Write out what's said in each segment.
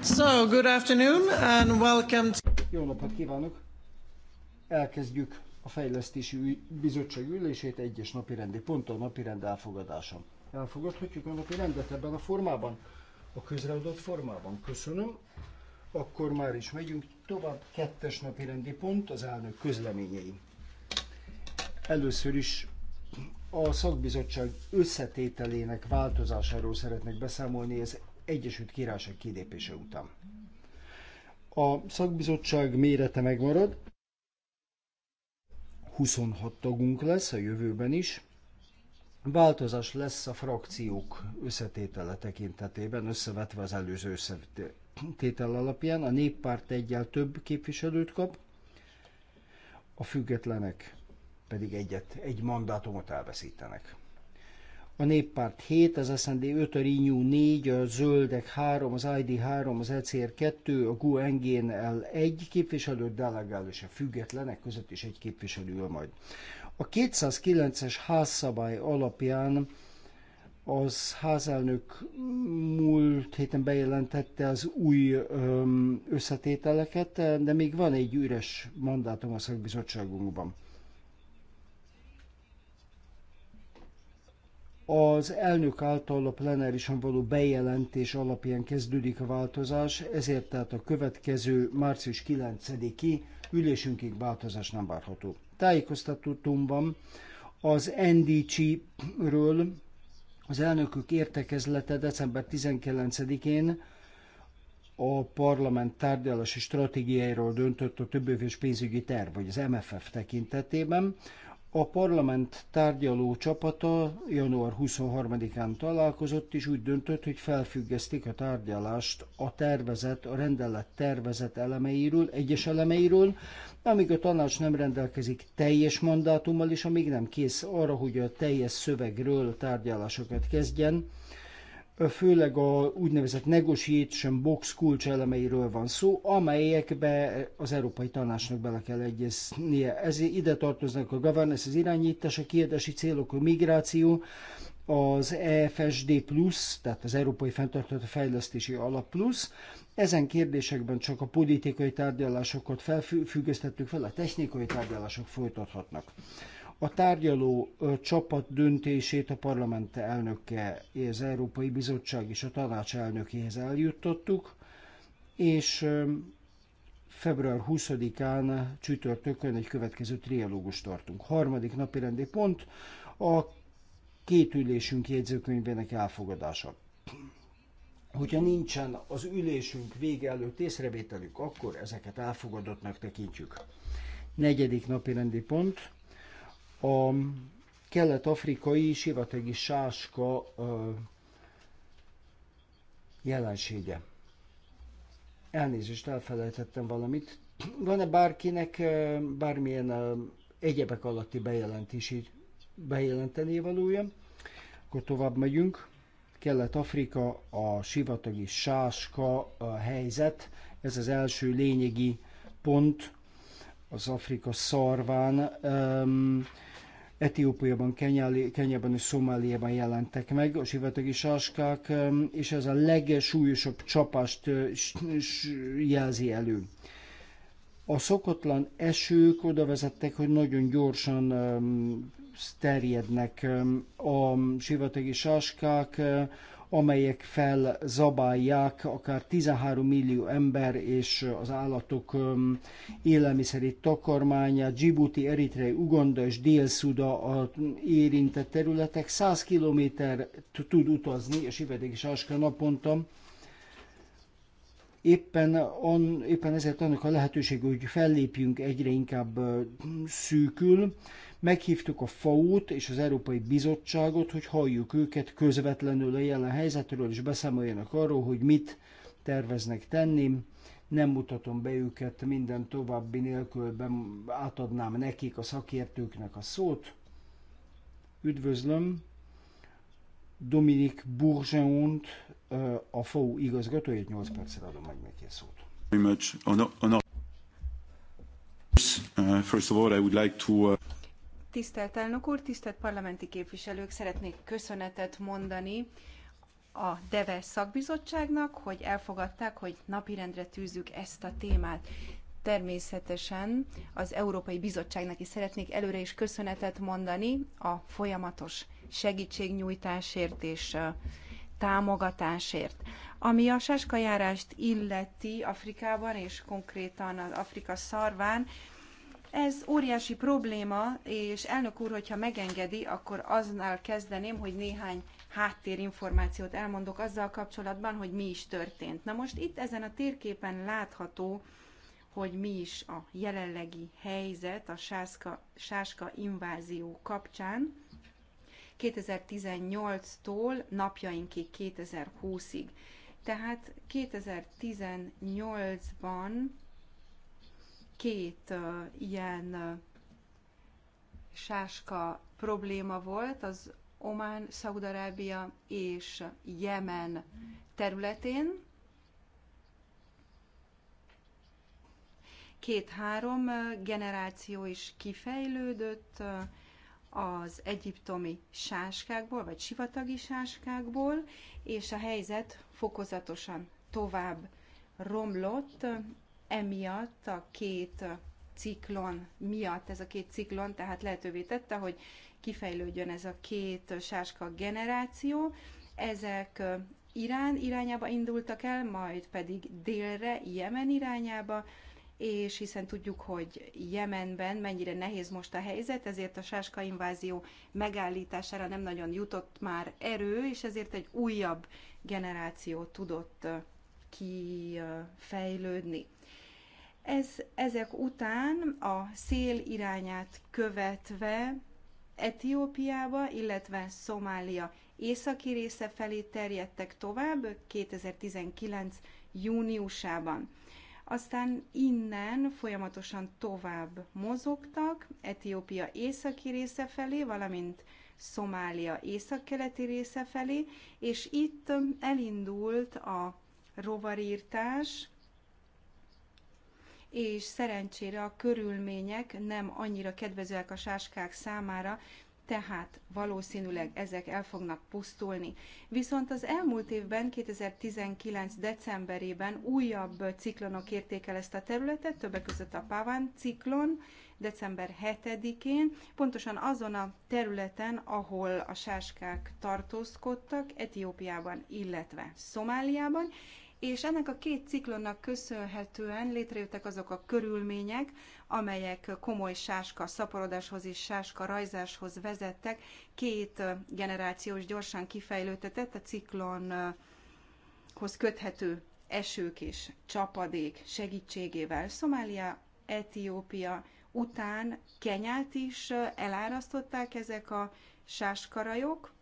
So, good afternoon and welcome to... Jó napot kívánok! Elkezdjük a Fejlesztési Bizottság ülését egyes napirendi ponttal napirend elfogadása. Elfogadhatjuk a napirendet ebben a formában? A közreadott formában. Köszönöm. Akkor már is megyünk tovább. Kettes napirendi pont az elnök közleményei. Először is a szakbizottság összetételének változásáról szeretnék beszámolni az Egyesült Királyság kilépése után. A szakbizottság mérete megmarad, 26 tagunk lesz a jövőben is, Változás lesz a frakciók összetétele tekintetében, összevetve az előző összetétel alapján. A néppárt egyel több képviselőt kap, a függetlenek pedig egyet, egy mandátumot elveszítenek. A néppárt 7, az SND 5, a Renew 4, a Zöldek 3, az ID 3, az ECR 2, a GUNGNL 1 képviselő delegál, és a függetlenek között is egy képviselő majd. A 209-es házszabály alapján az házelnök múlt héten bejelentette az új összetételeket, de még van egy üres mandátum a szakbizottságunkban. Az elnök által a plenárisan való bejelentés alapján kezdődik a változás, ezért tehát a következő március 9-i ülésünkig változás nem várható. Tájékoztatótumban az NDC-ről az elnökök értekezlete december 19-én a parlament tárgyalási stratégiáiról döntött a többéves pénzügyi terv, vagy az MFF tekintetében. A parlament tárgyaló csapata január 23-án találkozott, és úgy döntött, hogy felfüggesztik a tárgyalást a tervezet, a rendelet tervezet elemeiről, egyes elemeiről, amíg a tanács nem rendelkezik teljes mandátummal, és amíg nem kész arra, hogy a teljes szövegről tárgyalásokat kezdjen főleg a úgynevezett negotiation box kulcselemeiről van szó, amelyekbe az Európai Tanácsnak bele kell egyeznie. Ezért ide tartoznak a governance, az irányítás, a kiadási célok, a migráció, az EFSD plusz, tehát az Európai Fentartató Fejlesztési Alap plusz. Ezen kérdésekben csak a politikai tárgyalásokat felfüggesztettük fel, a technikai tárgyalások folytathatnak. A tárgyaló csapat döntését a parlament elnöke, és az Európai Bizottság és a tanács elnökéhez eljuttattuk, és február 20-án csütörtökön egy következő trialógust tartunk. Harmadik napi rendi pont a két ülésünk jegyzőkönyvének elfogadása. Hogyha nincsen az ülésünk vége előtt észrevételük, akkor ezeket elfogadottnak tekintjük. Negyedik napi rendi pont a kelet-afrikai sivategi sáska jelensége. Elnézést, elfelejtettem valamit. Van-e bárkinek bármilyen egyebek alatti bejelentési bejelenteni valója? Akkor tovább megyünk. Kelet-Afrika, a sivatagi sáska a helyzet. Ez az első lényegi pont, az Afrika szarván, um, Etiópiában, Kenyában és Szomáliában jelentek meg a sivatagi sáskák, um, és ez a legsúlyosabb csapást uh, jelzi elő. A szokatlan esők oda vezettek, hogy nagyon gyorsan um, terjednek a sivatagi sáskák, amelyek felzabálják akár 13 millió ember és az állatok élelmiszeri takarmányát, Djibouti, Eritrei, Uganda és Dél-Szuda a érintett területek 100 kilométer tud utazni, és Ivedék is Áska naponta, éppen, on, éppen ezért annak a lehetőség, hogy fellépjünk egyre inkább szűkül. Meghívtuk a FAO-t és az Európai Bizottságot, hogy halljuk őket közvetlenül a jelen helyzetről, és beszámoljanak arról, hogy mit terveznek tenni. Nem mutatom be őket minden további nélkül, átadnám nekik, a szakértőknek a szót. Üdvözlöm Dominik Bourgeont, a FAO igazgatóját, 8 percre adom meg neki a szót. first of all, I would like to uh, Tisztelt elnök úr, tisztelt parlamenti képviselők, szeretnék köszönetet mondani a DEVE szakbizottságnak, hogy elfogadták, hogy napirendre tűzzük ezt a témát. Természetesen az Európai Bizottságnak is szeretnék előre is köszönetet mondani a folyamatos segítségnyújtásért és támogatásért. Ami a sáskajárást illeti Afrikában, és konkrétan az Afrika szarván, ez óriási probléma, és elnök úr, hogyha megengedi, akkor aznál kezdeném, hogy néhány háttérinformációt elmondok azzal kapcsolatban, hogy mi is történt. Na most itt ezen a térképen látható, hogy mi is a jelenlegi helyzet a sáska, sáska invázió kapcsán 2018-tól napjainkig 2020-ig. Tehát 2018-ban két ilyen sáska probléma volt az Omán, Szaudarábia és Jemen területén. Két-három generáció is kifejlődött az egyiptomi sáskákból, vagy sivatagi sáskákból, és a helyzet fokozatosan tovább romlott, emiatt a két ciklon miatt, ez a két ciklon tehát lehetővé tette, hogy kifejlődjön ez a két sáska generáció. Ezek Irán irányába indultak el, majd pedig délre, Jemen irányába, és hiszen tudjuk, hogy Jemenben mennyire nehéz most a helyzet, ezért a sáska invázió megállítására nem nagyon jutott már erő, és ezért egy újabb generáció tudott kifejlődni. Ez, ezek után a szél irányát követve Etiópiába, illetve Szomália északi része felé terjedtek tovább 2019. júniusában. Aztán innen folyamatosan tovább mozogtak Etiópia északi része felé, valamint Szomália északkeleti része felé, és itt elindult a rovarírtás, és szerencsére a körülmények nem annyira kedvezőek a sáskák számára, tehát valószínűleg ezek el fognak pusztulni. Viszont az elmúlt évben, 2019. decemberében újabb ciklonok érték el ezt a területet, többek között a Paván ciklon, december 7-én, pontosan azon a területen, ahol a sáskák tartózkodtak, Etiópiában, illetve Szomáliában, és ennek a két ciklonnak köszönhetően létrejöttek azok a körülmények, amelyek komoly sáska szaporodáshoz és sáska rajzáshoz vezettek. Két generációs gyorsan kifejlődtetett a ciklonhoz köthető esők és csapadék segítségével. Szomália, Etiópia után Kenyát is elárasztották ezek a sáskarajok,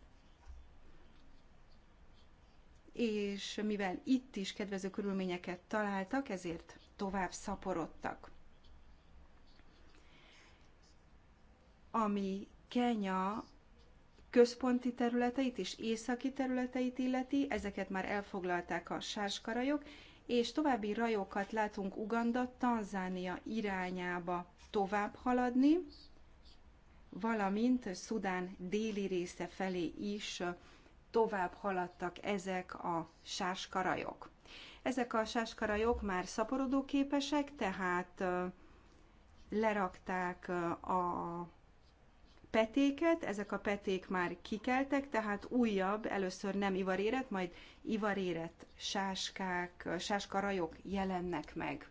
és mivel itt is kedvező körülményeket találtak, ezért tovább szaporodtak. Ami Kenya központi területeit és északi területeit illeti, ezeket már elfoglalták a sáskarajok, és további rajokat látunk Uganda, Tanzánia irányába tovább haladni, valamint Szudán déli része felé is tovább haladtak ezek a sáskarajok. Ezek a sáskarajok már szaporodóképesek, tehát lerakták a petéket, ezek a peték már kikeltek, tehát újabb, először nem ivaréret, majd ivaréret sáskák, sáskarajok jelennek meg.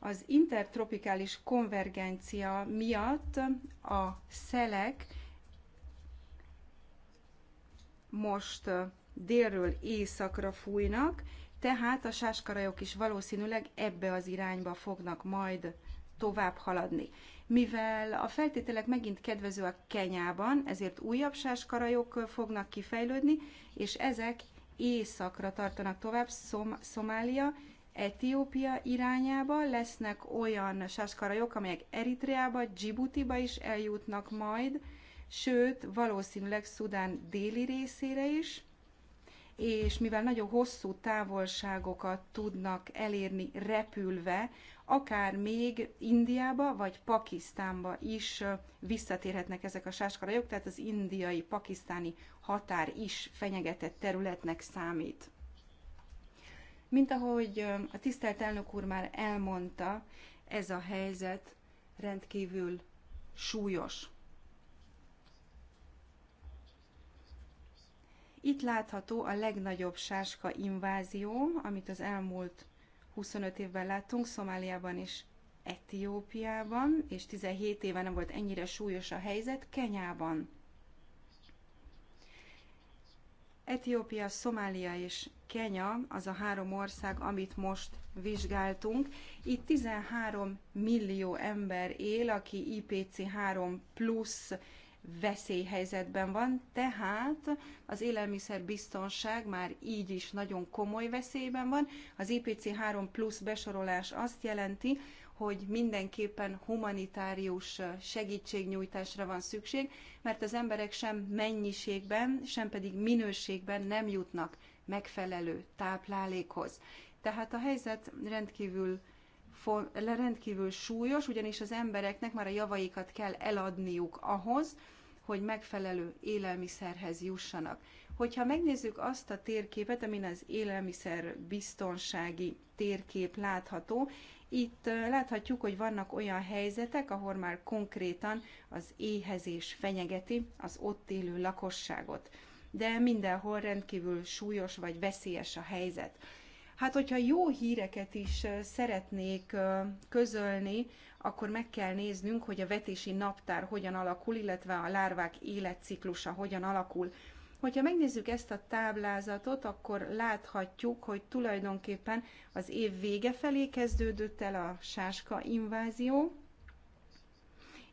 Az intertropikális konvergencia miatt a szelek most délről északra fújnak, tehát a sáskarajok is valószínűleg ebbe az irányba fognak majd tovább haladni. Mivel a feltételek megint kedvezőek Kenyában, ezért újabb sáskarajok fognak kifejlődni, és ezek északra tartanak tovább, Szom- Szomália Etiópia irányába, lesznek olyan sáskarajok, amelyek Eritreába, Djibutiba is eljutnak majd, sőt, valószínűleg Szudán déli részére is, és mivel nagyon hosszú távolságokat tudnak elérni repülve, akár még Indiába vagy Pakisztánba is visszatérhetnek ezek a sáskarajok, tehát az indiai-pakisztáni határ is fenyegetett területnek számít. Mint ahogy a tisztelt elnök úr már elmondta, ez a helyzet rendkívül súlyos. Itt látható a legnagyobb sáska invázió, amit az elmúlt 25 évben láttunk Szomáliában és Etiópiában, és 17 éve nem volt ennyire súlyos a helyzet Kenyában. Etiópia, Szomália és Kenya az a három ország, amit most vizsgáltunk. Itt 13 millió ember él, aki IPC3 plusz veszélyhelyzetben van, tehát az élelmiszerbiztonság már így is nagyon komoly veszélyben van. Az IPC3 plusz besorolás azt jelenti, hogy mindenképpen humanitárius segítségnyújtásra van szükség, mert az emberek sem mennyiségben, sem pedig minőségben nem jutnak megfelelő táplálékhoz. Tehát a helyzet rendkívül rendkívül súlyos, ugyanis az embereknek már a javaikat kell eladniuk ahhoz, hogy megfelelő élelmiszerhez jussanak. Hogyha megnézzük azt a térképet, amin az élelmiszer biztonsági térkép látható, itt láthatjuk, hogy vannak olyan helyzetek, ahol már konkrétan az éhezés fenyegeti az ott élő lakosságot. De mindenhol rendkívül súlyos vagy veszélyes a helyzet. Hát, hogyha jó híreket is szeretnék közölni, akkor meg kell néznünk, hogy a vetési naptár hogyan alakul, illetve a lárvák életciklusa hogyan alakul. Hogyha megnézzük ezt a táblázatot, akkor láthatjuk, hogy tulajdonképpen az év vége felé kezdődött el a sáska invázió,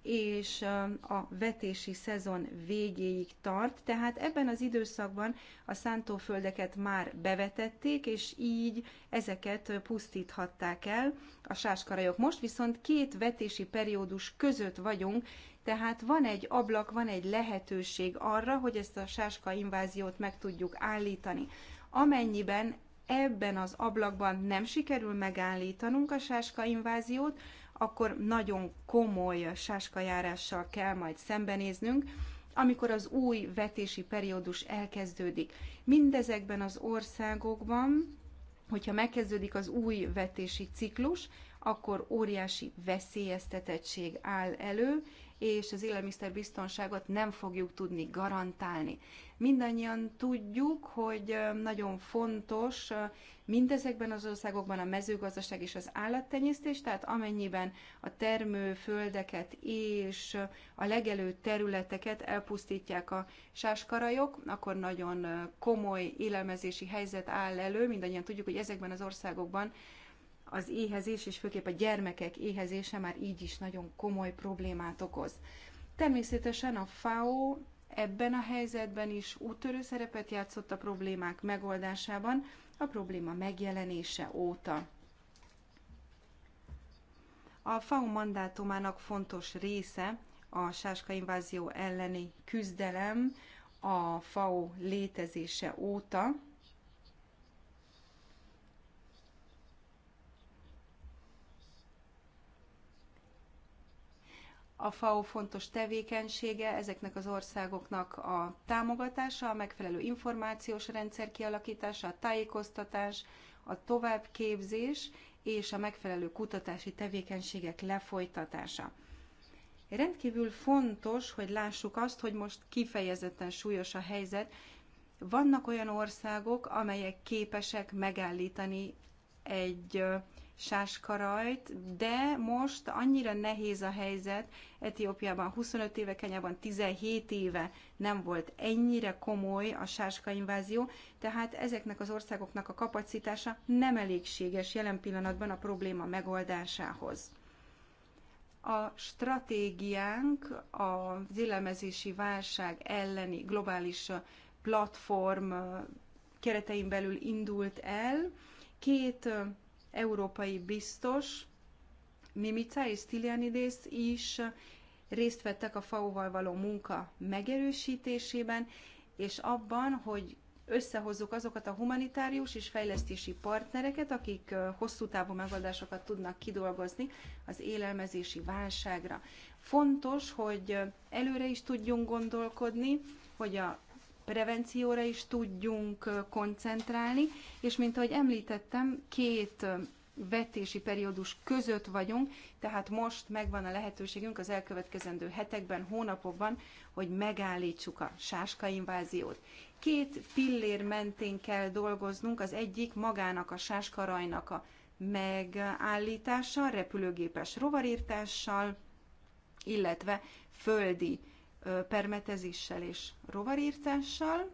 és a vetési szezon végéig tart, tehát ebben az időszakban a szántóföldeket már bevetették, és így ezeket pusztíthatták el a sáskarajok. Most viszont két vetési periódus között vagyunk, tehát van egy ablak, van egy lehetőség arra, hogy ezt a sáska inváziót meg tudjuk állítani. Amennyiben ebben az ablakban nem sikerül megállítanunk a sáska inváziót, akkor nagyon komoly sáskajárással kell majd szembenéznünk, amikor az új vetési periódus elkezdődik. Mindezekben az országokban, hogyha megkezdődik az új vetési ciklus, akkor óriási veszélyeztetettség áll elő, és az élelmiszerbiztonságot nem fogjuk tudni garantálni. Mindannyian tudjuk, hogy nagyon fontos mindezekben az országokban a mezőgazdaság és az állattenyésztés, tehát amennyiben a termőföldeket és a legelő területeket elpusztítják a sáskarajok, akkor nagyon komoly élelmezési helyzet áll elő. Mindannyian tudjuk, hogy ezekben az országokban az éhezés, és főképp a gyermekek éhezése már így is nagyon komoly problémát okoz. Természetesen a FAO ebben a helyzetben is úttörő szerepet játszott a problémák megoldásában, a probléma megjelenése óta. A FAO mandátumának fontos része a invázió elleni küzdelem a FAO létezése óta, a FAO fontos tevékenysége ezeknek az országoknak a támogatása, a megfelelő információs rendszer kialakítása, a tájékoztatás, a továbbképzés és a megfelelő kutatási tevékenységek lefolytatása. Rendkívül fontos, hogy lássuk azt, hogy most kifejezetten súlyos a helyzet. Vannak olyan országok, amelyek képesek megállítani egy sáskarajt, de most annyira nehéz a helyzet, Etiópiában 25 éve, Kenyában 17 éve nem volt ennyire komoly a invázió, tehát ezeknek az országoknak a kapacitása nem elégséges jelen pillanatban a probléma megoldásához. A stratégiánk az élelmezési válság elleni globális platform keretein belül indult el. Két európai biztos, Mimica és Stylianides is részt vettek a FAO-val való munka megerősítésében, és abban, hogy összehozzuk azokat a humanitárius és fejlesztési partnereket, akik hosszú távú megoldásokat tudnak kidolgozni az élelmezési válságra. Fontos, hogy előre is tudjunk gondolkodni, hogy a prevencióra is tudjunk koncentrálni, és mint ahogy említettem, két vetési periódus között vagyunk, tehát most megvan a lehetőségünk az elkövetkezendő hetekben, hónapokban, hogy megállítsuk a inváziót. Két pillér mentén kell dolgoznunk, az egyik magának a sáskarajnak a megállítással, repülőgépes rovarírtással, illetve földi permetezéssel és rovarírtással.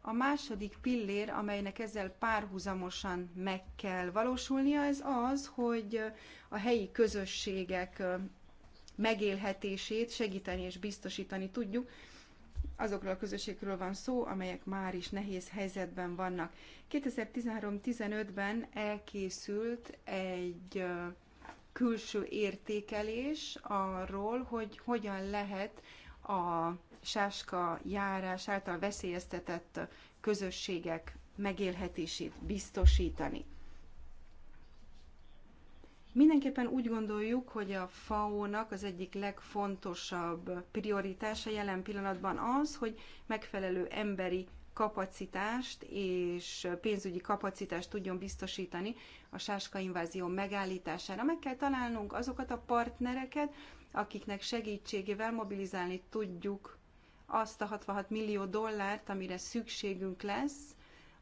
A második pillér, amelynek ezzel párhuzamosan meg kell valósulnia, ez az, hogy a helyi közösségek megélhetését segíteni és biztosítani tudjuk. Azokról a közösségről van szó, amelyek már is nehéz helyzetben vannak. 2013-15-ben elkészült egy külső értékelés arról, hogy hogyan lehet a sáska járás által veszélyeztetett közösségek megélhetését biztosítani. Mindenképpen úgy gondoljuk, hogy a FAO-nak az egyik legfontosabb prioritása jelen pillanatban az, hogy megfelelő emberi kapacitást és pénzügyi kapacitást tudjon biztosítani a sáska invázió megállítására. Meg kell találnunk azokat a partnereket, akiknek segítségével mobilizálni tudjuk azt a 66 millió dollárt, amire szükségünk lesz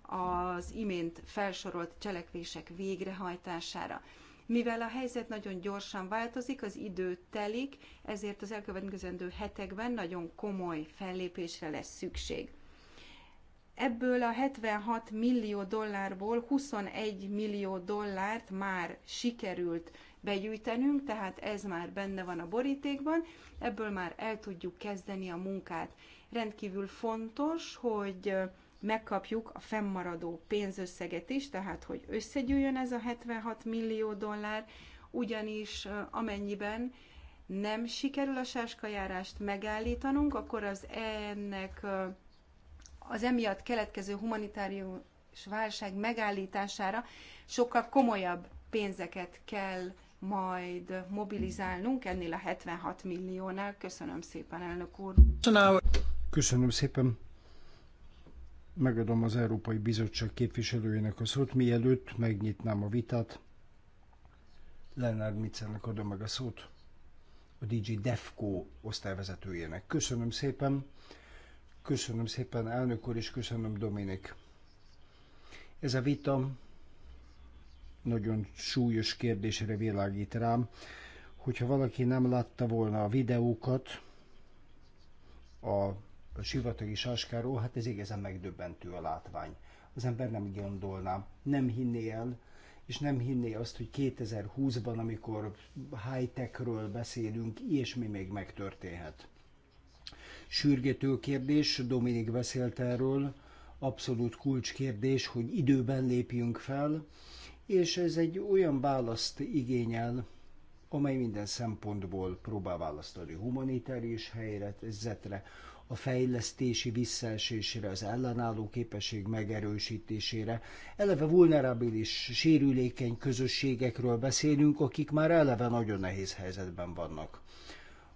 az imént felsorolt cselekvések végrehajtására. Mivel a helyzet nagyon gyorsan változik, az idő telik, ezért az elkövetkezendő hetekben nagyon komoly fellépésre lesz szükség. Ebből a 76 millió dollárból 21 millió dollárt már sikerült begyűjtenünk, tehát ez már benne van a borítékban, ebből már el tudjuk kezdeni a munkát. Rendkívül fontos, hogy megkapjuk a fennmaradó pénzösszeget is, tehát hogy összegyűjjön ez a 76 millió dollár, ugyanis amennyiben nem sikerül a sáskajárást megállítanunk, akkor az ennek az emiatt keletkező humanitárius válság megállítására sokkal komolyabb pénzeket kell majd mobilizálnunk ennél a 76 milliónál. Köszönöm szépen, elnök úr. Köszönöm szépen. Megadom az Európai Bizottság képviselőjének a szót, mielőtt megnyitnám a vitát. Lennár Micennek adom meg a szót, a DG DEFCO osztályvezetőjének. Köszönöm szépen. Köszönöm szépen, elnök úr, és köszönöm, Dominik. Ez a vita nagyon súlyos kérdésre világít rám. Hogyha valaki nem látta volna a videókat a, a sivatagi sáskáról, hát ez igazán megdöbbentő a látvány. Az ember nem gondolná, nem hinné el, és nem hinné azt, hogy 2020-ban, amikor high-techről beszélünk, ilyesmi még megtörténhet sürgető kérdés, Dominik beszélt erről, abszolút kulcskérdés, hogy időben lépjünk fel, és ez egy olyan választ igényel, amely minden szempontból próbál választ adni humanitárius helyzetre, a fejlesztési visszaesésére, az ellenálló képesség megerősítésére. Eleve vulnerabilis, sérülékeny közösségekről beszélünk, akik már eleve nagyon nehéz helyzetben vannak.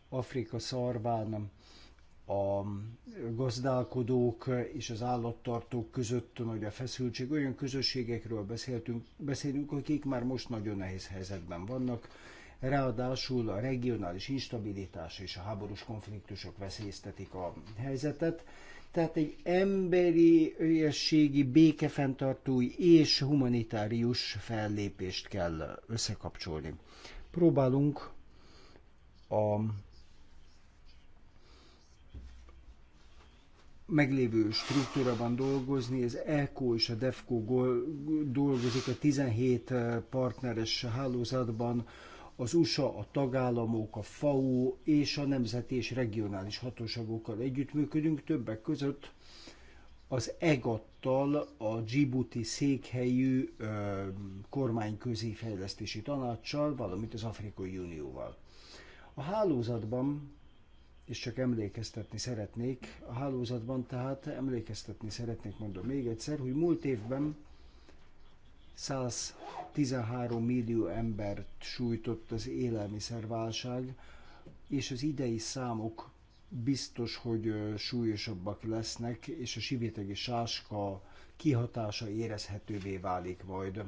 Afrika szarván a gazdálkodók és az állattartók között nagy a feszültség. Olyan közösségekről beszéltünk, beszélünk, akik már most nagyon nehéz helyzetben vannak. Ráadásul a regionális instabilitás és a háborús konfliktusok veszélyeztetik a helyzetet. Tehát egy emberi, őjességi, békefenntartói és humanitárius fellépést kell összekapcsolni. Próbálunk a meglévő struktúrában dolgozni, az ECO és a DEFCO dolgozik a 17 eh, partneres hálózatban, az USA, a tagállamok, a FAO és a nemzeti és regionális hatóságokkal együttműködünk, többek között az EGAT-tal, a Djibouti székhelyű ö, eh, kormányközi fejlesztési tanácssal, valamint az Afrikai Unióval. A hálózatban és csak emlékeztetni szeretnék a hálózatban, tehát emlékeztetni szeretnék, mondom még egyszer, hogy múlt évben 113 millió embert sújtott az élelmiszerválság, és az idei számok biztos, hogy súlyosabbak lesznek, és a sivétegi sáska kihatása érezhetővé válik majd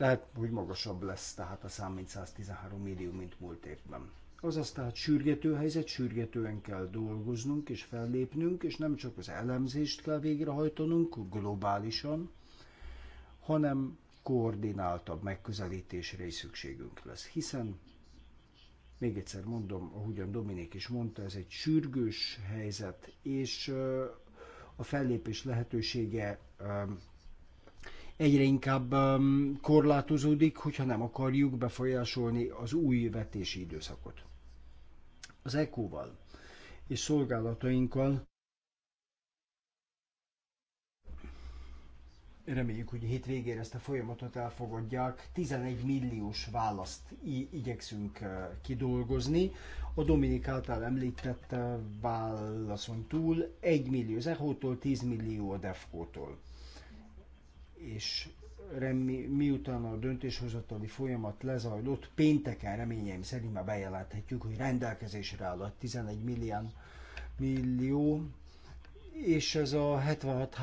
lehet, hogy magasabb lesz tehát a szám, mint 113 millió, mint múlt évben. Azaz tehát sürgető helyzet, sürgetően kell dolgoznunk és fellépnünk, és nem csak az elemzést kell végrehajtanunk globálisan, hanem koordináltabb megközelítésre is szükségünk lesz. Hiszen, még egyszer mondom, ahogyan Dominik is mondta, ez egy sürgős helyzet, és a fellépés lehetősége egyre inkább um, korlátozódik, hogyha nem akarjuk befolyásolni az új vetési időszakot. Az ECO-val és szolgálatainkkal reméljük, hogy hét végére ezt a folyamatot elfogadják. 11 milliós választ igyekszünk uh, kidolgozni. A Dominik által említett uh, válaszon túl 1 millió az eco tól 10 millió a DEFCO-tól és remé, miután a döntéshozatali folyamat lezajlott, pénteken reményeim szerint már bejelenthetjük, hogy rendelkezésre áll a 11 millián, millió, és ez a 76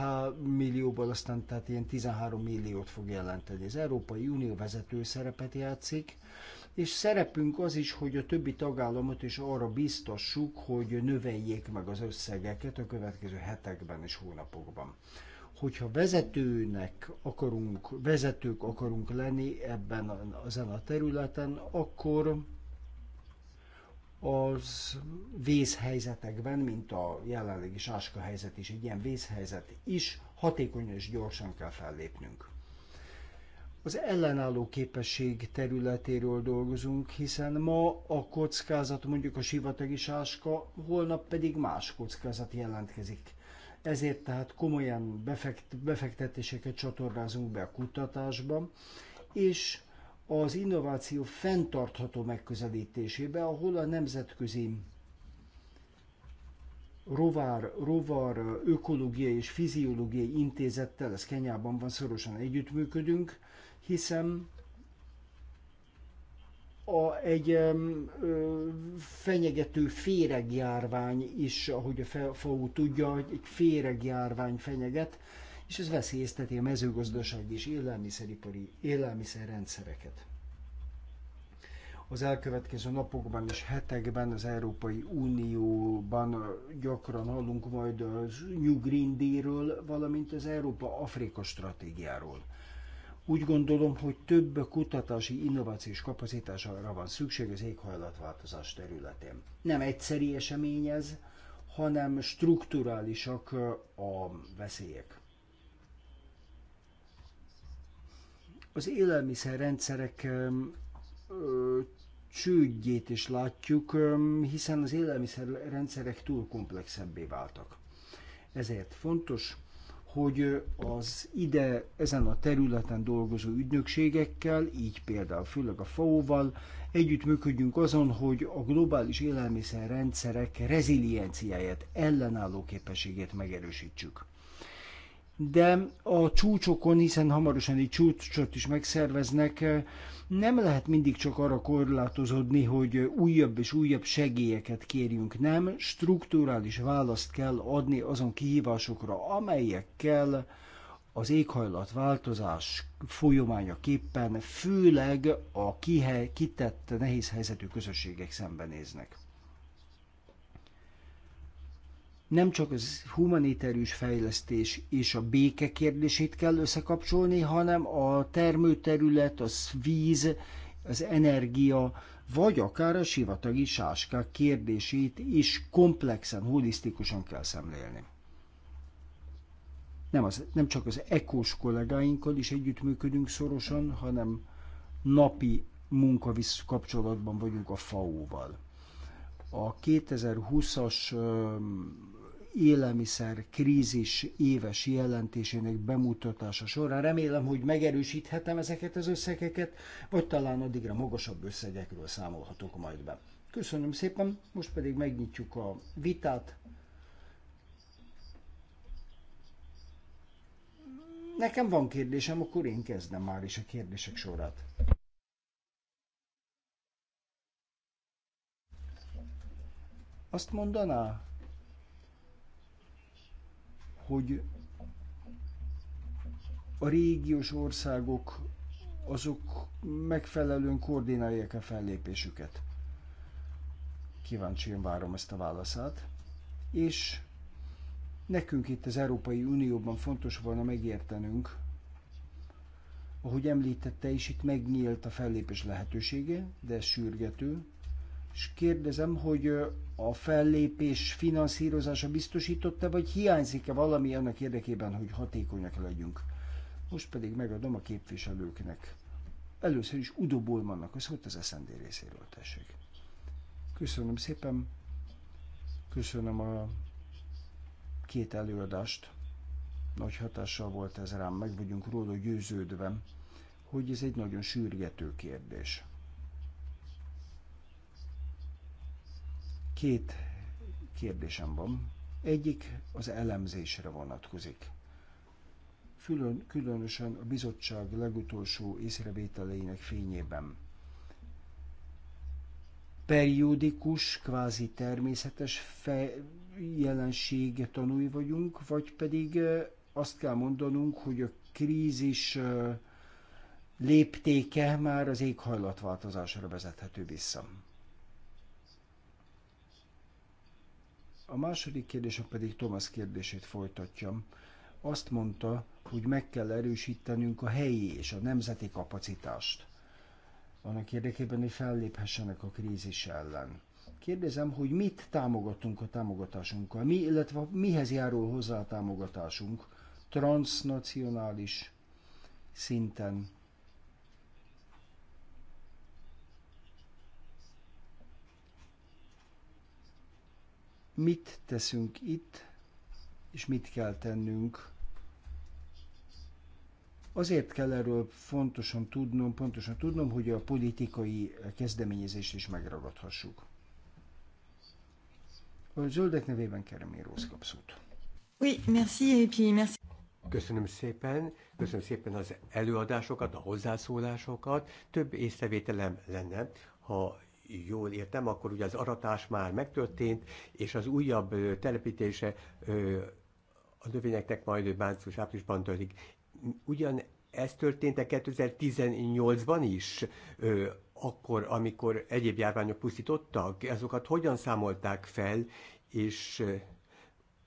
millióból aztán tehát ilyen 13 milliót fog jelenteni. Az Európai Unió vezető szerepet játszik, és szerepünk az is, hogy a többi tagállamot is arra biztassuk, hogy növeljék meg az összegeket a következő hetekben és hónapokban hogyha vezetőnek akarunk, vezetők akarunk lenni ebben a, ezen a területen, akkor az vészhelyzetekben, mint a jelenlegi sáska helyzet is, egy ilyen vészhelyzet is hatékonyan és gyorsan kell fellépnünk. Az ellenálló képesség területéről dolgozunk, hiszen ma a kockázat mondjuk a sivatagi sáska, holnap pedig más kockázat jelentkezik ezért tehát komolyan befekt, befektetéseket csatornázunk be a kutatásban, és az innováció fenntartható megközelítésébe, ahol a nemzetközi Rovar, Rovar Ökológiai és Fiziológiai Intézettel, ez Kenyában van, szorosan együttműködünk, hiszen a, egy ö, fenyegető féregjárvány is, ahogy a FAU tudja, egy féregjárvány fenyeget, és ez veszélyezteti a mezőgazdasági és élelmiszeripari élelmiszerrendszereket. Az elkövetkező napokban és hetekben az Európai Unióban gyakran hallunk majd a New Green Deal-ről, valamint az Európa-Afrika stratégiáról úgy gondolom, hogy több kutatási innovációs kapacitásra van szükség az éghajlatváltozás területén. Nem egyszeri esemény ez, hanem strukturálisak a veszélyek. Az élelmiszerrendszerek csődjét is látjuk, hiszen az élelmiszerrendszerek túl komplexebbé váltak. Ezért fontos, hogy az ide ezen a területen dolgozó ügynökségekkel, így például főleg a FAO-val együttműködjünk azon, hogy a globális élelmiszerrendszerek rezilienciáját, ellenálló képességét megerősítsük de a csúcsokon, hiszen hamarosan egy csúcsot is megszerveznek, eh, nem lehet mindig csak arra korlátozódni, hogy újabb és újabb segélyeket kérjünk, nem, strukturális választ kell adni azon kihívásokra, amelyekkel az éghajlatváltozás képpen főleg a kihe, kitett nehéz helyzetű közösségek szembenéznek nem csak az humanitárius fejlesztés és a béke kérdését kell összekapcsolni, hanem a termőterület, a víz, az energia, vagy akár a sivatagi sáskák kérdését is komplexen, holisztikusan kell szemlélni. Nem, az, nem csak az ekos kollégáinkkal is együttműködünk szorosan, hanem napi munkavisz kapcsolatban vagyunk a FAO-val. A 2020-as élelmiszer krízis éves jelentésének bemutatása során. Remélem, hogy megerősíthetem ezeket az összegeket, vagy talán addigra magasabb összegekről számolhatok majd be. Köszönöm szépen, most pedig megnyitjuk a vitát. Nekem van kérdésem, akkor én kezdem már is a kérdések sorát. Azt mondaná, hogy a régiós országok azok megfelelően koordinálják a fellépésüket. Kíváncsian várom ezt a válaszát. És nekünk itt az Európai Unióban fontos volna megértenünk, ahogy említette is, itt megnyílt a fellépés lehetősége, de ez sürgető, és kérdezem, hogy a fellépés finanszírozása biztosította, vagy hiányzik-e valami annak érdekében, hogy hatékonyak legyünk. Most pedig megadom a képviselőknek. Először is udobul vannak az volt az SZND részéről, tessék. Köszönöm szépen, köszönöm a két előadást. Nagy hatással volt ez rám, meg vagyunk róla győződve, hogy ez egy nagyon sürgető kérdés. Két kérdésem van. Egyik az elemzésre vonatkozik. Külön, különösen a bizottság legutolsó észrevételeinek fényében periódikus, kvázi természetes jelenséget jelenség tanúi vagyunk, vagy pedig azt kell mondanunk, hogy a krízis léptéke már az éghajlatváltozásra vezethető vissza. A második kérdésem pedig Thomas kérdését folytatja. Azt mondta, hogy meg kell erősítenünk a helyi és a nemzeti kapacitást. Annak érdekében, hogy felléphessenek a krízis ellen. Kérdezem, hogy mit támogatunk a támogatásunkkal, mi, illetve mihez járul hozzá a támogatásunk transnacionális szinten mit teszünk itt, és mit kell tennünk. Azért kell erről fontosan tudnom, pontosan tudnom, hogy a politikai kezdeményezést is megragadhassuk. A zöldek nevében Keremény Rósz kapszót. Oui, merci, et puis merci. Köszönöm szépen, köszönöm szépen az előadásokat, a hozzászólásokat. Több észrevételem lenne, ha jól értem, akkor ugye az aratás már megtörtént, és az újabb telepítése a növényeknek majd március-áprilisban történik. Ugyan ez történt-e 2018-ban is, ö, akkor, amikor egyéb járványok pusztítottak? Azokat hogyan számolták fel, és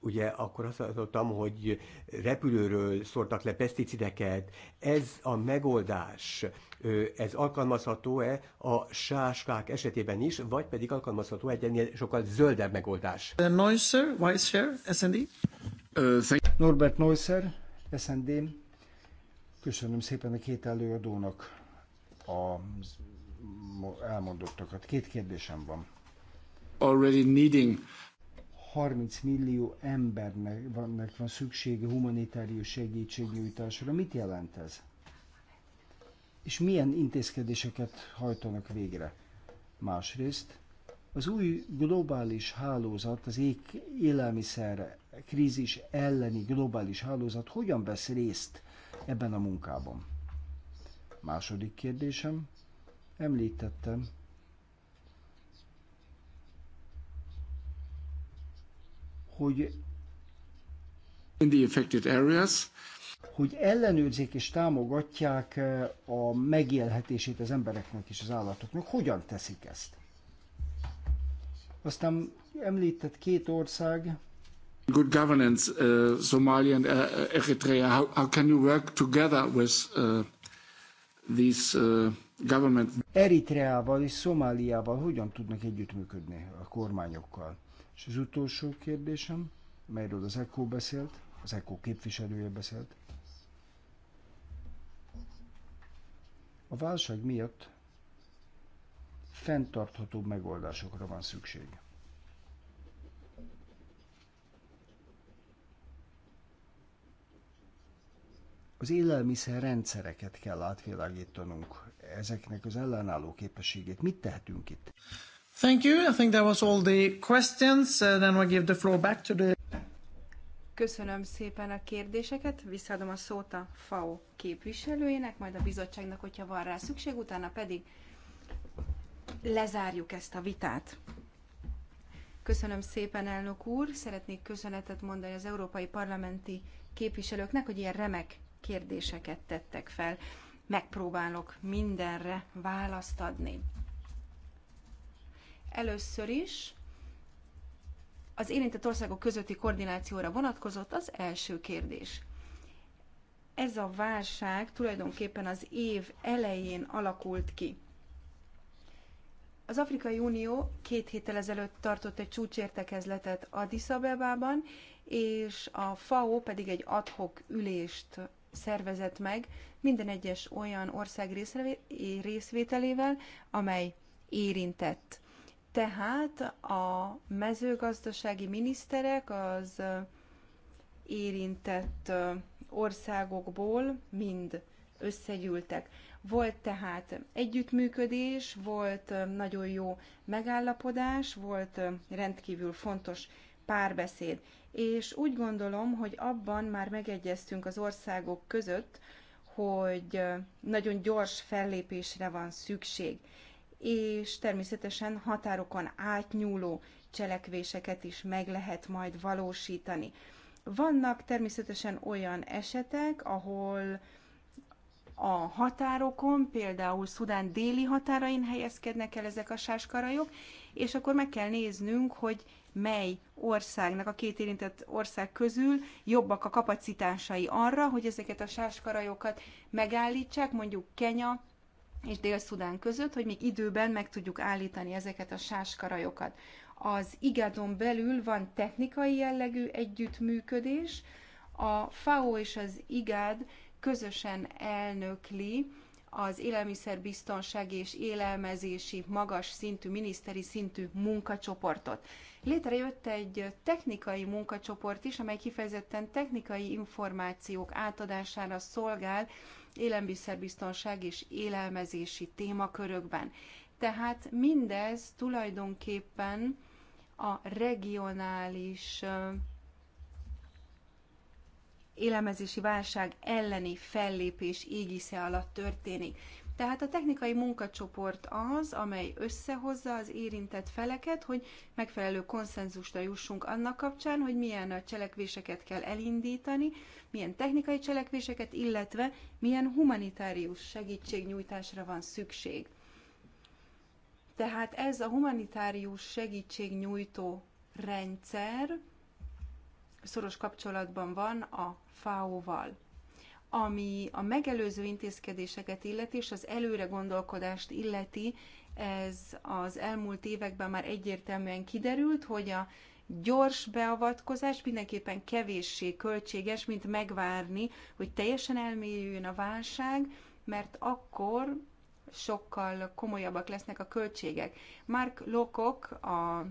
ugye akkor azt mondtam, hogy repülőről szórtak le peszticideket. Ez a megoldás, ez alkalmazható-e a sáskák esetében is, vagy pedig alkalmazható egy ennél sokkal zöldebb megoldás? Uh, Neusser, Vice Chair, SND. Norbert Neusser, SND. Köszönöm szépen a két előadónak a elmondottakat. Két kérdésem van. Already needing 30 millió embernek vannak, van szüksége humanitárius segítségnyújtásra. Mit jelent ez? És milyen intézkedéseket hajtanak végre? Másrészt, az új globális hálózat, az ég élelmiszer krízis elleni globális hálózat hogyan vesz részt ebben a munkában? Második kérdésem, említettem, hogy in the affected areas, hogy ellenőrzik és támogatják eh, a megélhetését az embereknek és az állatoknak. Hogyan teszik ezt? Aztán említett két ország. Good governance, uh, Somalia and uh, Eritrea. How, how can you work together with uh, these uh, government? Eritreával és Szomáliával hogyan tudnak együttműködni a kormányokkal? És az utolsó kérdésem, melyről az ECHO beszélt, az ECHO képviselője beszélt. A válság miatt fenntarthatóbb megoldásokra van szükség. Az élelmiszer rendszereket kell átvilágítanunk, ezeknek az ellenálló képességét. Mit tehetünk itt? Thank you. I think that was all the questions. Uh, then we give the floor back to the... Köszönöm szépen a kérdéseket, visszaadom a szót a FAO képviselőjének, majd a bizottságnak, hogyha van rá szükség, utána pedig lezárjuk ezt a vitát. Köszönöm szépen, elnök úr! Szeretnék köszönetet mondani az európai parlamenti képviselőknek, hogy ilyen remek kérdéseket tettek fel. Megpróbálok mindenre választ adni. Először is az érintett országok közötti koordinációra vonatkozott az első kérdés. Ez a válság tulajdonképpen az év elején alakult ki. Az Afrikai Unió két héttel ezelőtt tartott egy csúcsértekezletet Addis Abebában, és a FAO pedig egy adhok ülést szervezett meg minden egyes olyan ország részvételével, amely érintett. Tehát a mezőgazdasági miniszterek az érintett országokból mind összegyűltek. Volt tehát együttműködés, volt nagyon jó megállapodás, volt rendkívül fontos párbeszéd. És úgy gondolom, hogy abban már megegyeztünk az országok között, hogy nagyon gyors fellépésre van szükség és természetesen határokon átnyúló cselekvéseket is meg lehet majd valósítani. Vannak természetesen olyan esetek, ahol a határokon, például Szudán déli határain helyezkednek el ezek a sáskarajok, és akkor meg kell néznünk, hogy mely országnak, a két érintett ország közül jobbak a kapacitásai arra, hogy ezeket a sáskarajokat megállítsák, mondjuk Kenya és Dél-Szudán között, hogy még időben meg tudjuk állítani ezeket a sáskarajokat. Az igadon belül van technikai jellegű együttműködés, a FAO és az IGAD közösen elnökli az élelmiszerbiztonsági és élelmezési magas szintű, miniszteri szintű munkacsoportot. Létrejött egy technikai munkacsoport is, amely kifejezetten technikai információk átadására szolgál élelmiszerbiztonság és élelmezési témakörökben. Tehát mindez tulajdonképpen a regionális élelmezési válság elleni fellépés égisze alatt történik. Tehát a technikai munkacsoport az, amely összehozza az érintett feleket, hogy megfelelő konszenzusra jussunk annak kapcsán, hogy milyen cselekvéseket kell elindítani, milyen technikai cselekvéseket, illetve milyen humanitárius segítségnyújtásra van szükség. Tehát ez a humanitárius segítségnyújtó rendszer szoros kapcsolatban van a FAO-val ami a megelőző intézkedéseket illeti, és az előre gondolkodást illeti, ez az elmúlt években már egyértelműen kiderült, hogy a gyors beavatkozás mindenképpen kevéssé költséges, mint megvárni, hogy teljesen elmélyüljön a válság, mert akkor sokkal komolyabbak lesznek a költségek. Mark Lokok, a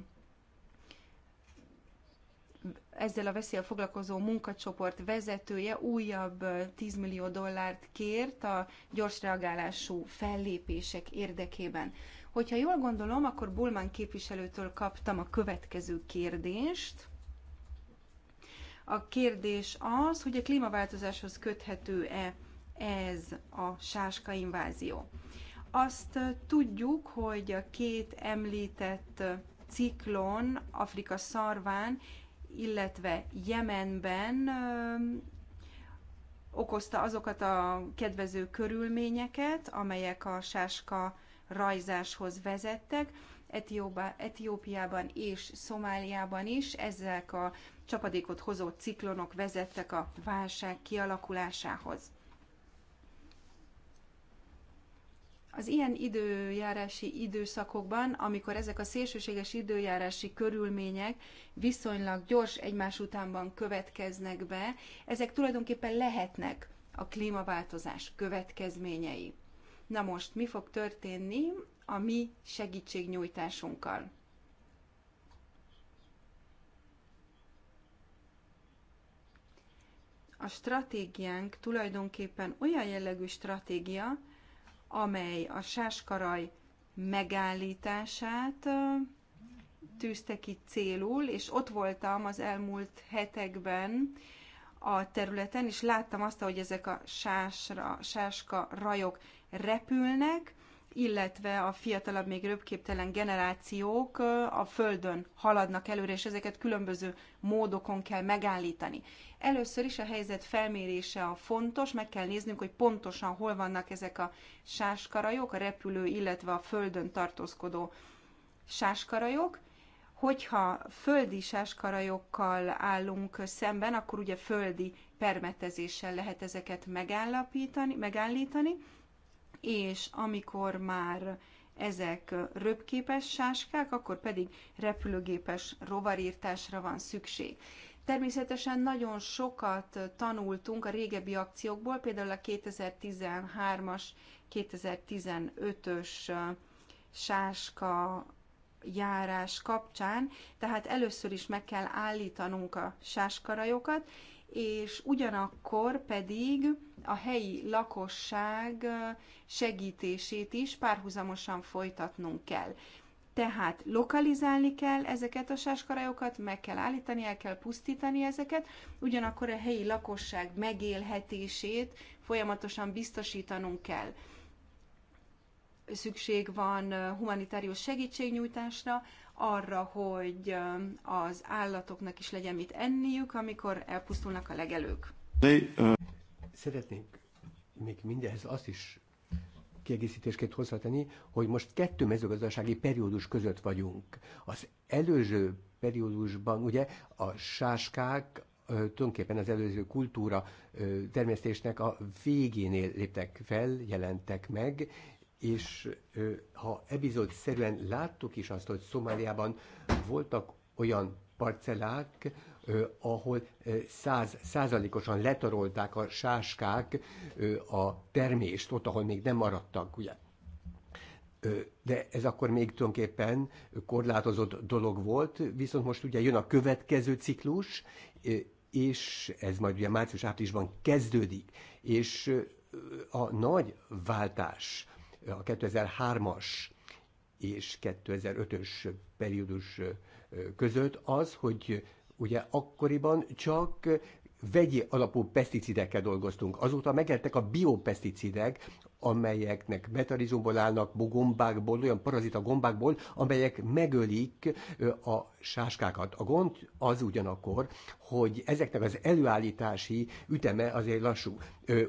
ezzel a veszélyel foglalkozó munkacsoport vezetője újabb 10 millió dollárt kért a gyors reagálású fellépések érdekében. Hogyha jól gondolom, akkor Bulman képviselőtől kaptam a következő kérdést. A kérdés az, hogy a klímaváltozáshoz köthető-e ez a sáska invázió. Azt tudjuk, hogy a két említett ciklon Afrika szarván illetve Jemenben okozta azokat a kedvező körülményeket, amelyek a sáska rajzáshoz vezettek. Etióba, Etiópiában és Szomáliában is ezek a csapadékot hozó ciklonok vezettek a válság kialakulásához. Az ilyen időjárási időszakokban, amikor ezek a szélsőséges időjárási körülmények viszonylag gyors egymás utánban következnek be, ezek tulajdonképpen lehetnek a klímaváltozás következményei. Na most, mi fog történni a mi segítségnyújtásunkkal? A stratégiánk tulajdonképpen olyan jellegű stratégia, amely a sáskaraj megállítását tűzte ki célul, és ott voltam az elmúlt hetekben a területen, és láttam azt, hogy ezek a sásra, sáska rajok repülnek, illetve a fiatalabb, még röpképtelen generációk a Földön haladnak előre, és ezeket különböző módokon kell megállítani. Először is a helyzet felmérése a fontos, meg kell néznünk, hogy pontosan hol vannak ezek a sáskarajok, a repülő, illetve a Földön tartózkodó sáskarajok, hogyha földi sáskarajokkal állunk szemben, akkor ugye földi permetezéssel lehet ezeket megállapítani, megállítani, és amikor már ezek röpképes sáskák, akkor pedig repülőgépes rovarírtásra van szükség. Természetesen nagyon sokat tanultunk a régebbi akciókból, például a 2013-as, 2015-ös sáska járás kapcsán, tehát először is meg kell állítanunk a sáskarajokat, és ugyanakkor pedig a helyi lakosság segítését is párhuzamosan folytatnunk kell. Tehát lokalizálni kell ezeket a sáskarajokat, meg kell állítani, el kell pusztítani ezeket, ugyanakkor a helyi lakosság megélhetését folyamatosan biztosítanunk kell szükség van humanitárius segítségnyújtásra, arra, hogy az állatoknak is legyen mit enniük, amikor elpusztulnak a legelők. Szeretnénk még mindehhez azt is kiegészítésként hozzátenni, hogy most kettő mezőgazdasági periódus között vagyunk. Az előző periódusban ugye a sáskák, tulajdonképpen az előző kultúra termesztésnek a végénél léptek fel, jelentek meg, és ha epizód szerűen láttuk is azt, hogy Szomáliában voltak olyan parcellák, ahol száz, százalékosan letarolták a sáskák a termést, ott, ahol még nem maradtak, ugye. De ez akkor még tulajdonképpen korlátozott dolog volt, viszont most ugye jön a következő ciklus, és ez majd ugye március-áprilisban kezdődik, és a nagy váltás, a 2003-as és 2005-ös periódus között az, hogy ugye akkoriban csak vegyi alapú peszticidekkel dolgoztunk. Azóta megjelentek a biopeszticidek, amelyeknek metalizumból állnak, gombákból, olyan parazita gombákból, amelyek megölik a sáskákat. A gond az ugyanakkor, hogy ezeknek az előállítási üteme azért lassú.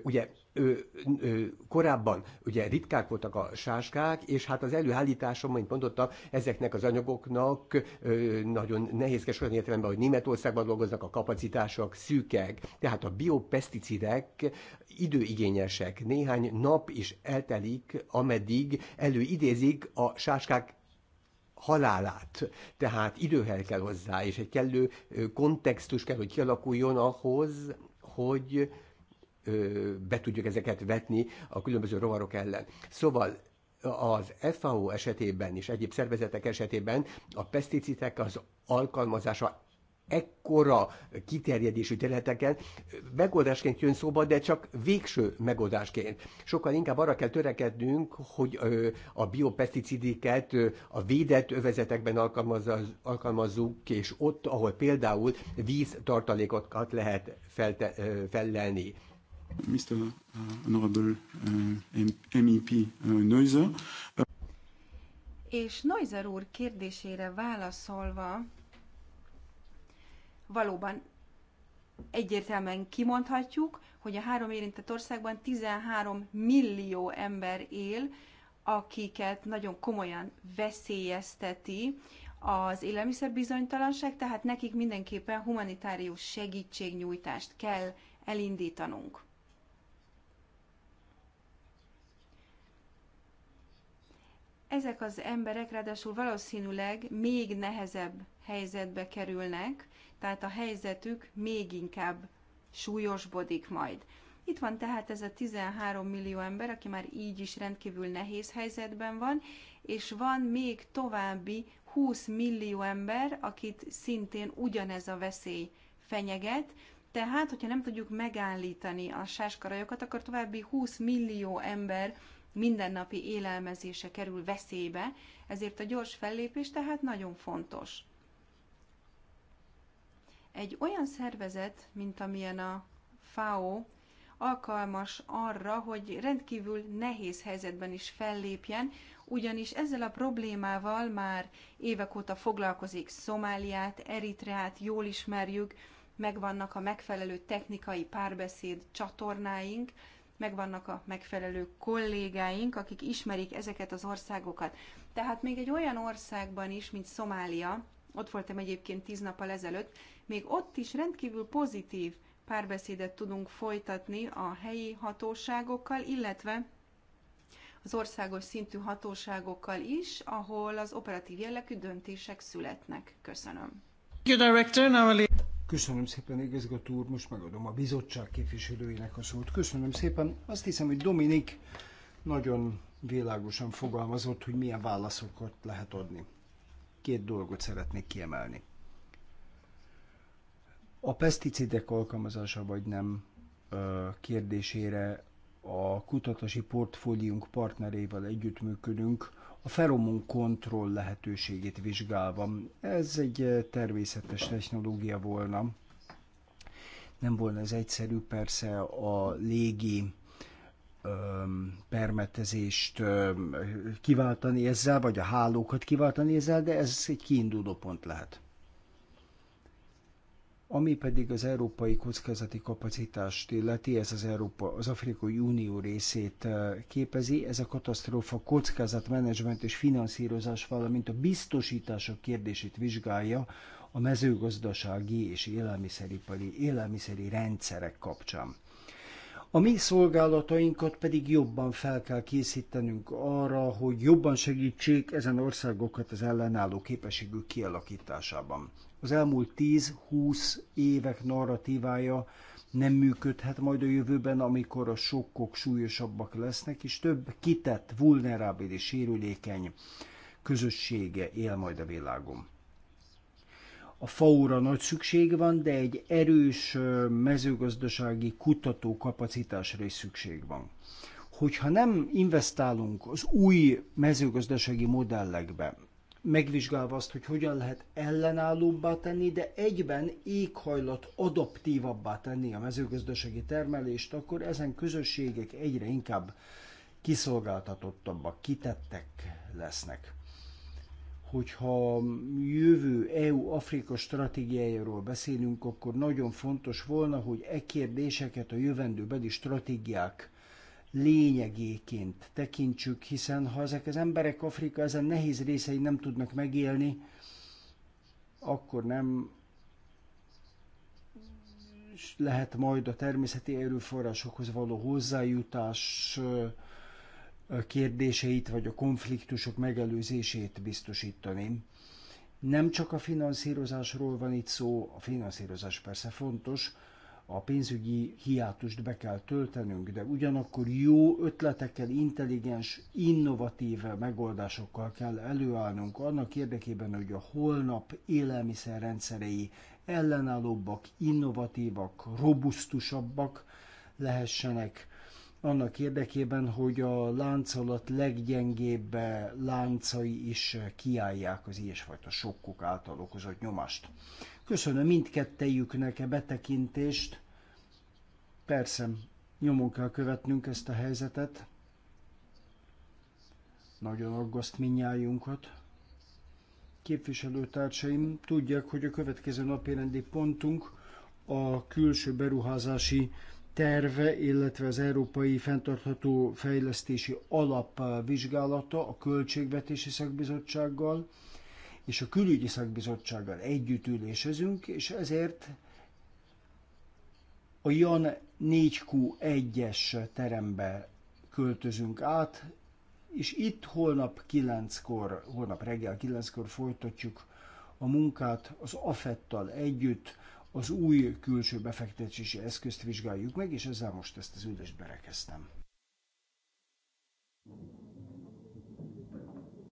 Ugye ö, ö, korábban ugye ritkák voltak a sáskák, és hát az előállításom, mint mondottam, ezeknek az anyagoknak ö, nagyon nehézkes olyan értelemben, hogy Németországban dolgoznak, a kapacitások szűkek, tehát a biopeszticidek időigényesek, néhány nap is eltelik, ameddig előidézik a sáskák halálát. Tehát időhely kell hozzá, és egy kellő kontextus kell, hogy kialakuljon ahhoz, hogy be tudjuk ezeket vetni a különböző rovarok ellen. Szóval az FAO esetében és egyéb szervezetek esetében a peszticidek az alkalmazása ekkora kiterjedésű területeken megoldásként jön szóba, de csak végső megoldásként. Sokkal inkább arra kell törekednünk, hogy a biopeszticidiket a védett övezetekben alkalmazzuk, és ott, ahol például víztartalékokat lehet fellelni. Mr. Uh, Honorable uh, MEP uh, Neuser. És Neuser úr kérdésére válaszolva, valóban egyértelműen kimondhatjuk, hogy a három érintett országban 13 millió ember él, akiket nagyon komolyan veszélyezteti az élelmiszerbizonytalanság, tehát nekik mindenképpen humanitárius segítségnyújtást kell elindítanunk. Ezek az emberek ráadásul valószínűleg még nehezebb helyzetbe kerülnek, tehát a helyzetük még inkább súlyosbodik majd. Itt van tehát ez a 13 millió ember, aki már így is rendkívül nehéz helyzetben van, és van még további 20 millió ember, akit szintén ugyanez a veszély fenyeget. Tehát, hogyha nem tudjuk megállítani a sáskarajokat, akkor további 20 millió ember mindennapi élelmezése kerül veszélybe, ezért a gyors fellépés tehát nagyon fontos. Egy olyan szervezet, mint amilyen a FAO, alkalmas arra, hogy rendkívül nehéz helyzetben is fellépjen, ugyanis ezzel a problémával már évek óta foglalkozik Szomáliát, Eritreát, jól ismerjük, megvannak a megfelelő technikai párbeszéd csatornáink, megvannak a megfelelő kollégáink, akik ismerik ezeket az országokat. Tehát még egy olyan országban is, mint Szomália, ott voltam egyébként tíz nappal ezelőtt, még ott is rendkívül pozitív párbeszédet tudunk folytatni a helyi hatóságokkal, illetve az országos szintű hatóságokkal is, ahol az operatív jellegű döntések születnek. Köszönöm. Köszönöm szépen, igazgató úr, most megadom a bizottság képviselőinek a szót. Köszönöm szépen. Azt hiszem, hogy Dominik nagyon világosan fogalmazott, hogy milyen válaszokat lehet adni. Két dolgot szeretnék kiemelni. A peszticidek alkalmazása vagy nem kérdésére a kutatási portfóliunk partnerével együttműködünk, a feromon kontroll lehetőségét vizsgálva. Ez egy eh, természetes technológia volna. Nem volna ez egyszerű, persze a légi permetezést kiváltani ezzel, vagy a hálókat kiváltani ezzel, de ez egy kiinduló pont lehet. Ami pedig az európai kockázati kapacitást illeti, ez az, Európa, az Afrikai Unió részét eh, képezi, ez a katasztrófa kockázatmenedzsment és finanszírozás, valamint a biztosítások kérdését vizsgálja a mezőgazdasági és élelmiszeripari, élelmiszeri rendszerek kapcsán. A mi szolgálatainkat pedig jobban fel kell készítenünk arra, hogy jobban segítsék ezen országokat az ellenálló képességük kialakításában. Az elmúlt 10-20 évek narratívája nem működhet majd a jövőben, amikor a sokkok súlyosabbak lesznek, és több kitett, vulnerábil és sérülékeny közössége él majd a világon. A faura nagy szükség van, de egy erős mezőgazdasági kutató kapacitásra is szükség van. Hogyha nem investálunk az új mezőgazdasági modellekbe, megvizsgálva azt, hogy hogyan lehet ellenállóbbá tenni, de egyben éghajlat adaptívabbá tenni a mezőgazdasági termelést, akkor ezen közösségek egyre inkább kiszolgáltatottabbak, kitettek lesznek hogyha jövő EU-Afrika stratégiájáról beszélünk, akkor nagyon fontos volna, hogy e kérdéseket a jövendőbeli stratégiák lényegéként tekintsük, hiszen ha ezek az emberek Afrika ezen nehéz részei nem tudnak megélni, akkor nem lehet majd a természeti erőforrásokhoz való hozzájutás kérdéseit, vagy a konfliktusok megelőzését biztosítani. Nem csak a finanszírozásról van itt szó, a finanszírozás persze fontos, a pénzügyi hiátust be kell töltenünk, de ugyanakkor jó ötletekkel, intelligens, innovatív megoldásokkal kell előállnunk annak érdekében, hogy a holnap élelmiszerrendszerei ellenállóbbak, innovatívak, robusztusabbak lehessenek, annak érdekében, hogy a láncolat leggyengébb láncai is kiállják az ilyesfajta sokkok által okozott nyomást. Köszönöm mindkettejüknek a betekintést. Persze, nyomon kell követnünk ezt a helyzetet. Nagyon aggaszt minnyájunkat. Képviselőtársaim tudják, hogy a következő napi rendi pontunk a külső beruházási terve, illetve az Európai Fentartható Fejlesztési Alap vizsgálata a Költségvetési Szakbizottsággal és a Külügyi Szakbizottsággal együtt ülésezünk, és ezért a Jan 4Q1-es terembe költözünk át, és itt holnap 9-kor, holnap reggel 9-kor folytatjuk a munkát az AFET-tal együtt, az új külső befektetési eszközt vizsgáljuk meg, és ezzel most ezt az ülést berekeztem.